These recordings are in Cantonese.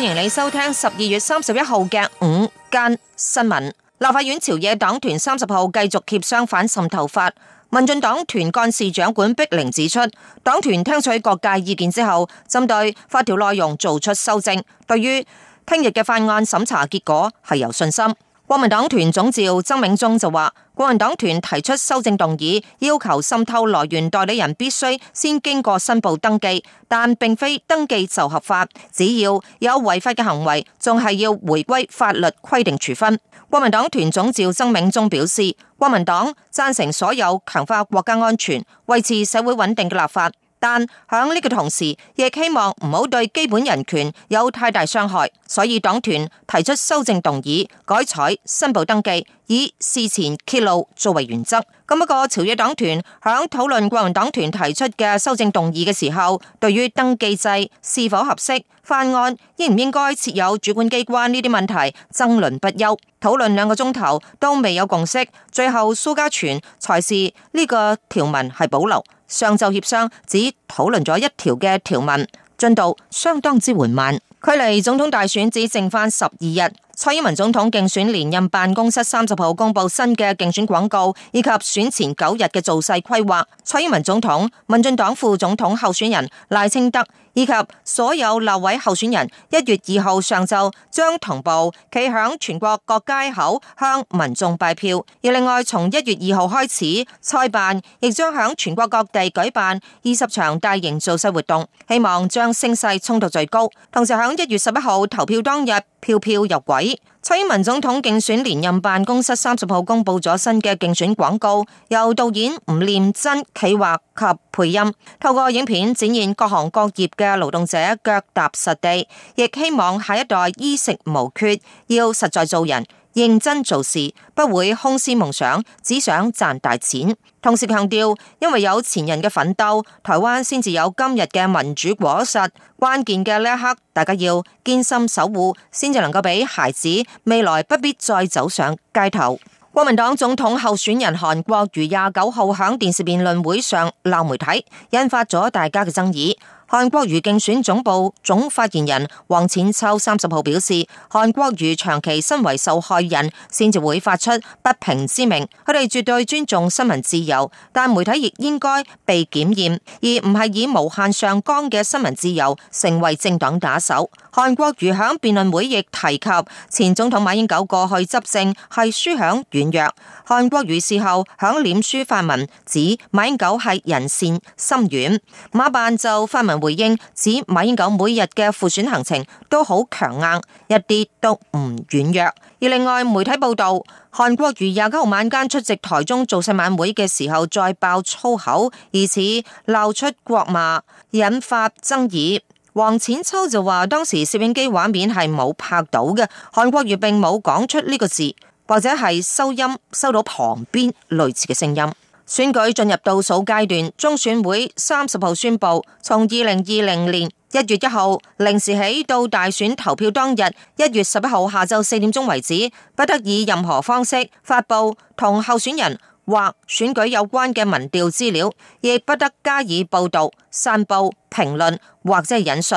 歡迎你收聽十二月三十一號嘅午間新聞。立法院朝野黨團三十號繼續協商反滲透法，民進黨團幹事長管碧玲指出，黨團聽取各界意見之後，針對法條內容做出修正，對於聽日嘅法案審查結果係有信心。國民黨團總召曾銘宗就話，國民黨團提出修正動議，要求滲透來源代理人必須先經過申報登記，但並非登記就合法，只要有違法嘅行為，仲係要回歸法律規定處分。國民黨團總召曾銘宗表示，國民黨贊成所有強化國家安全、維持社會穩定嘅立法。但響呢個同時，亦希望唔好對基本人權有太大傷害，所以黨團提出修正動議，改採申報登記，以事前揭露作為原則。咁一個朝野黨團響討論國民黨團提出嘅修正動議嘅時候，對於登記制是否合適？犯案、應唔應該設有主管機關呢啲問題爭論不休，討論兩個鐘頭都未有共識，最後蘇嘉全裁示呢個條文係保留。上晝協商只討論咗一條嘅條文，進度相當之緩慢。距離總統大選只剩翻十二日，蔡英文總統競選連任辦公室三十號公布新嘅競選廣告，以及選前九日嘅造勢規劃。蔡英文總統、民進黨副總統候選人賴清德以及所有立委候選人，一月二號上晝將同步企響全國各街口向民眾拜票。而另外，從一月二號開始，蔡辦亦將響全國各地舉辦二十場大型造勢活動，希望將聲勢衝到最高。同時響一月十一號投票當日票票入位。蔡英文總統競選連任辦公室三十號公布咗新嘅競選廣告，由導演吳念真企劃及配音，透過影片展現各行各業嘅勞動者腳踏實地，亦希望下一代衣食無缺，要實在做人。認真做事，不會空思夢想，只想賺大錢。同時強調，因為有前人嘅奮鬥，台灣先至有今日嘅民主果實。關鍵嘅呢一刻，大家要堅心守護，先至能夠俾孩子未來不必再走上街頭。國民黨總統候選人韓國瑜廿九號喺電視辯論會上鬧媒體，引發咗大家嘅爭議。韓國瑜競選總部總發言人王淺秋三十號表示，韓國瑜長期身為受害人，先至會發出不平之鳴。佢哋絕對尊重新聞自由，但媒體亦應該被檢驗，而唔係以無限上綱嘅新聞自由成為政黨打手。韓國瑜響辯論會亦提及前總統馬英九過去執政係輸響軟弱。韓國瑜事後響臉書發文指馬英九係人善心軟，馬辦就發文。回應指馬英九每日嘅輔選行程都好強硬，一啲都唔軟弱。而另外媒體報道，韓國瑜廿九號晚間出席台中造勢晚會嘅時候再爆粗口，疑似鬧出國罵，引發爭議。王淺秋就話當時攝影機畫面係冇拍到嘅，韓國瑜並冇講出呢個字，或者係收音收到旁邊類似嘅聲音。選舉進入倒數階段，中選會三十號宣布，從二零二零年一月一號零時起到大選投票當日一月十一號下晝四點鐘為止，不得以任何方式發布同候選人或選舉有關嘅民調資料，亦不得加以報道、散布、評論或者引述。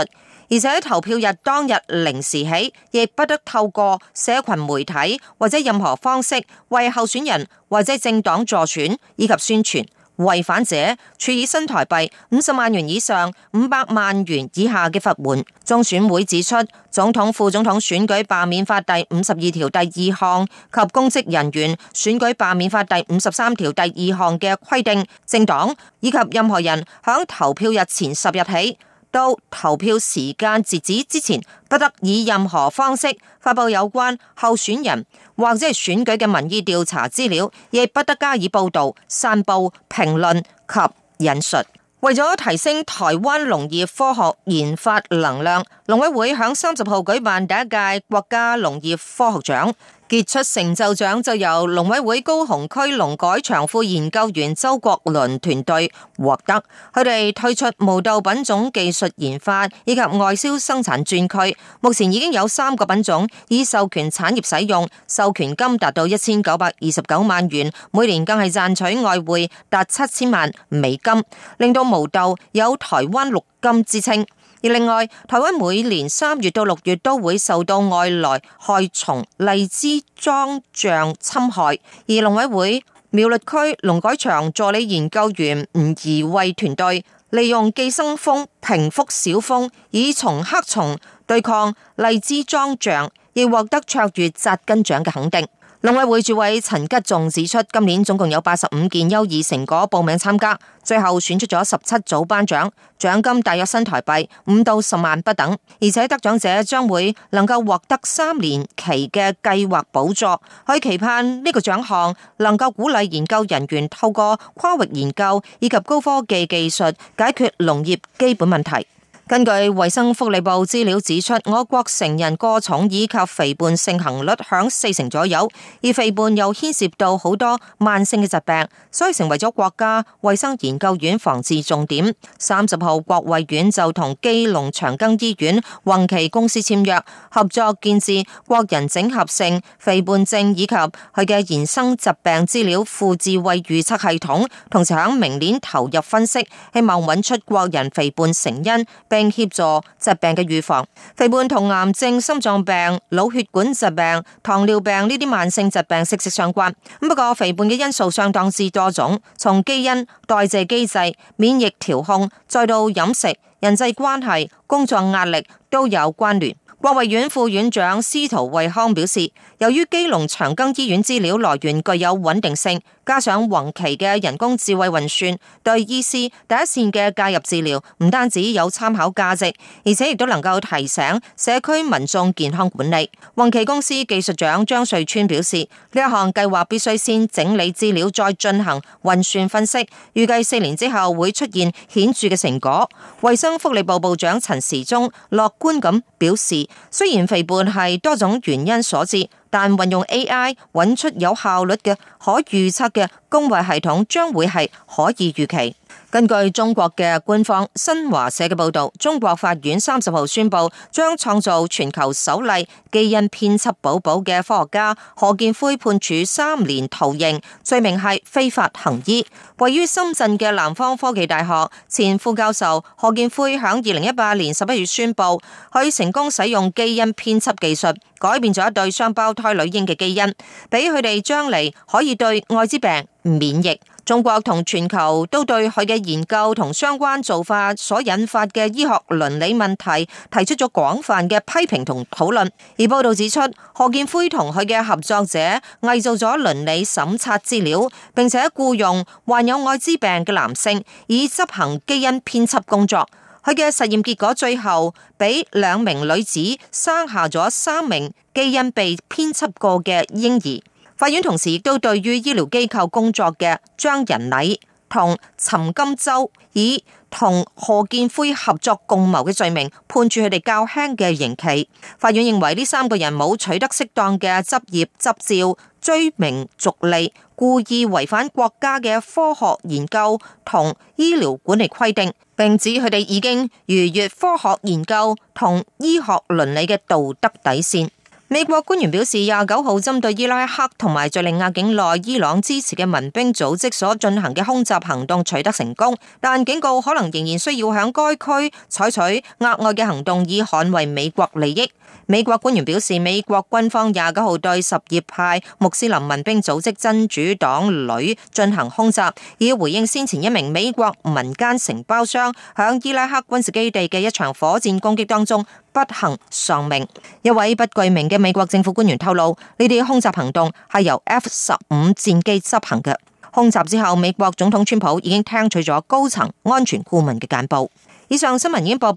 而且投票日當日零時起，亦不得透過社群媒體或者任何方式為候選人或者政黨助選以及宣傳。違反者處以新台幣五十萬元以上五百萬元以下嘅罰鍰。中選會指出，總統副總統選舉罷免法第五十二條第二項及公職人員選舉罷免法第五十三條第二項嘅規定，政黨以及任何人響投票日前十日起，到投票時間截止之前，不得以任何方式發布有關候選人或者選舉嘅民意調查資料，亦不得加以報道、散布、評論及引述。為咗提升台灣農業科學研發能量，農委會響三十號舉辦第一屆國家農業科學獎。傑出成就獎就由農委會高雄區農改場副研究員周國倫團隊獲得，佢哋推出毛豆品種技術研發以及外銷生產專區，目前已經有三個品種已授權產業使用，授權金達到一千九百二十九萬元，每年更係賺取外匯達七千萬美金，令到毛豆有台灣綠金之稱。而另外，台灣每年三月到六月都會受到外來害蟲荔枝樁象侵害，而農委會苗栗區農改場助理研究員吳怡慧團隊利用寄生蜂平腹小蜂，以蟲剋蟲對抗荔枝樁象，亦獲得卓越扎根獎嘅肯定。農委會主委陳吉仲指出，今年總共有八十五件優異成果報名參加，最後選出咗十七組頒獎，獎金大約新台幣五到十萬不等，而且得獎者將會能夠獲得三年期嘅計劃補助。佢期盼呢個獎項能夠鼓勵研究人員透過跨域研究以及高科技技術解決農業基本問題。根據衛生福利部資料指出，我國成人過重以及肥胖盛行率響四成左右，而肥胖又牽涉到好多慢性嘅疾病，所以成為咗國家衛生研究院防治重點。三十號國衛院就同基隆長庚醫院、宏旗公司簽約，合作建置國人整合性肥胖症以及佢嘅衍生疾病資料庫智慧預測系統，同時喺明年投入分析，希望揾出國人肥胖成因。並協助疾病嘅預防，肥胖同癌症、心臟病、腦血管疾病、糖尿病呢啲慢性疾病息息相關。咁不過肥胖嘅因素相當之多種，從基因、代謝機制、免疫調控，再到飲食、人際關係、工作壓力，都有關聯。國衛院副院長司徒惠康表示，由於基隆長庚醫院資料來源具有穩定性。加上宏奇嘅人工智慧運算，對醫師第一線嘅介入治療，唔單止有參考價值，而且亦都能夠提醒社區民眾健康管理。宏奇公司技術長張瑞川表示，呢一項計劃必須先整理資料，再進行運算分析，預計四年之後會出現顯著嘅成果。衛生福利部部長陳時中樂觀咁表示，雖然肥胖係多種原因所致。但運用 AI 揾出有效率嘅可預測嘅公衛系統，將會係可以預期。根據中國嘅官方新華社嘅報道，中國法院三十號宣布，將創造全球首例基因編輯寶寶嘅科學家賀建奎判處三年徒刑，罪名係非法行醫。位於深圳嘅南方科技大學前副教授賀建奎響二零一八年十一月宣布，佢成功使用基因編輯技術改變咗一對雙胞胎女嬰嘅基因，俾佢哋將嚟可以對艾滋病免疫。中國同全球都對佢嘅研究同相關做法所引發嘅醫學倫理問題提出咗廣泛嘅批評同討論。而報道指出，賀建奎同佢嘅合作者偽造咗倫理審查資料，並且雇用患有艾滋病嘅男性以執行基因編輯工作。佢嘅實驗結果最後俾兩名女子生下咗三名基因被編輯過嘅嬰兒。法院同時亦都對於醫療機構工作嘅張仁禮同陳金洲，以同賀建奎合作共謀嘅罪名，判處佢哋較輕嘅刑期。法院認為呢三個人冇取得適當嘅執業執照，追名逐利，故意違反國家嘅科學研究同醫療管理規定，並指佢哋已經逾越科學研究同醫學倫理嘅道德底線。美國官員表示，廿九號針對伊拉克同埋敘利亞境內伊朗支持嘅民兵組織所進行嘅空襲行動取得成功，但警告可能仍然需要響該區採取額外嘅行動，以捍衛美國利益。美國官員表示，美國軍方廿九號對什葉派穆斯林民兵組織真主黨旅進行空襲，以回應先前一名美國民間承包商響伊拉克軍事基地嘅一場火箭攻擊當中不幸喪命。一位不具名嘅美國政府官員透露，呢啲空襲行動係由 F 十五戰機執行嘅。空襲之後，美國總統川普已經聽取咗高層安全顧問嘅簡報。以上新聞已經播報。